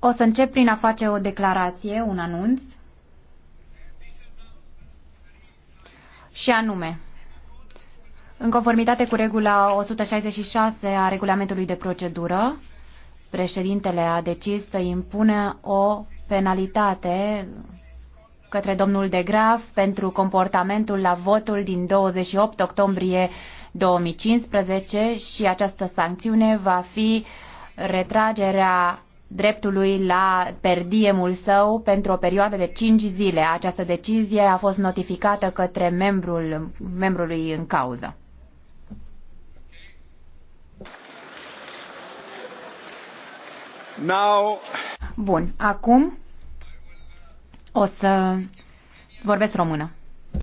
O să încep prin a face o declarație, un anunț. Și anume, în conformitate cu regula 166 a regulamentului de procedură, președintele a decis să impună o penalitate către domnul de Graf pentru comportamentul la votul din 28 octombrie 2015 și această sancțiune va fi retragerea dreptului la perdiemul său pentru o perioadă de 5 zile. Această decizie a fost notificată către membrul, membrului în cauză. Now... Bun, acum o să vorbesc română.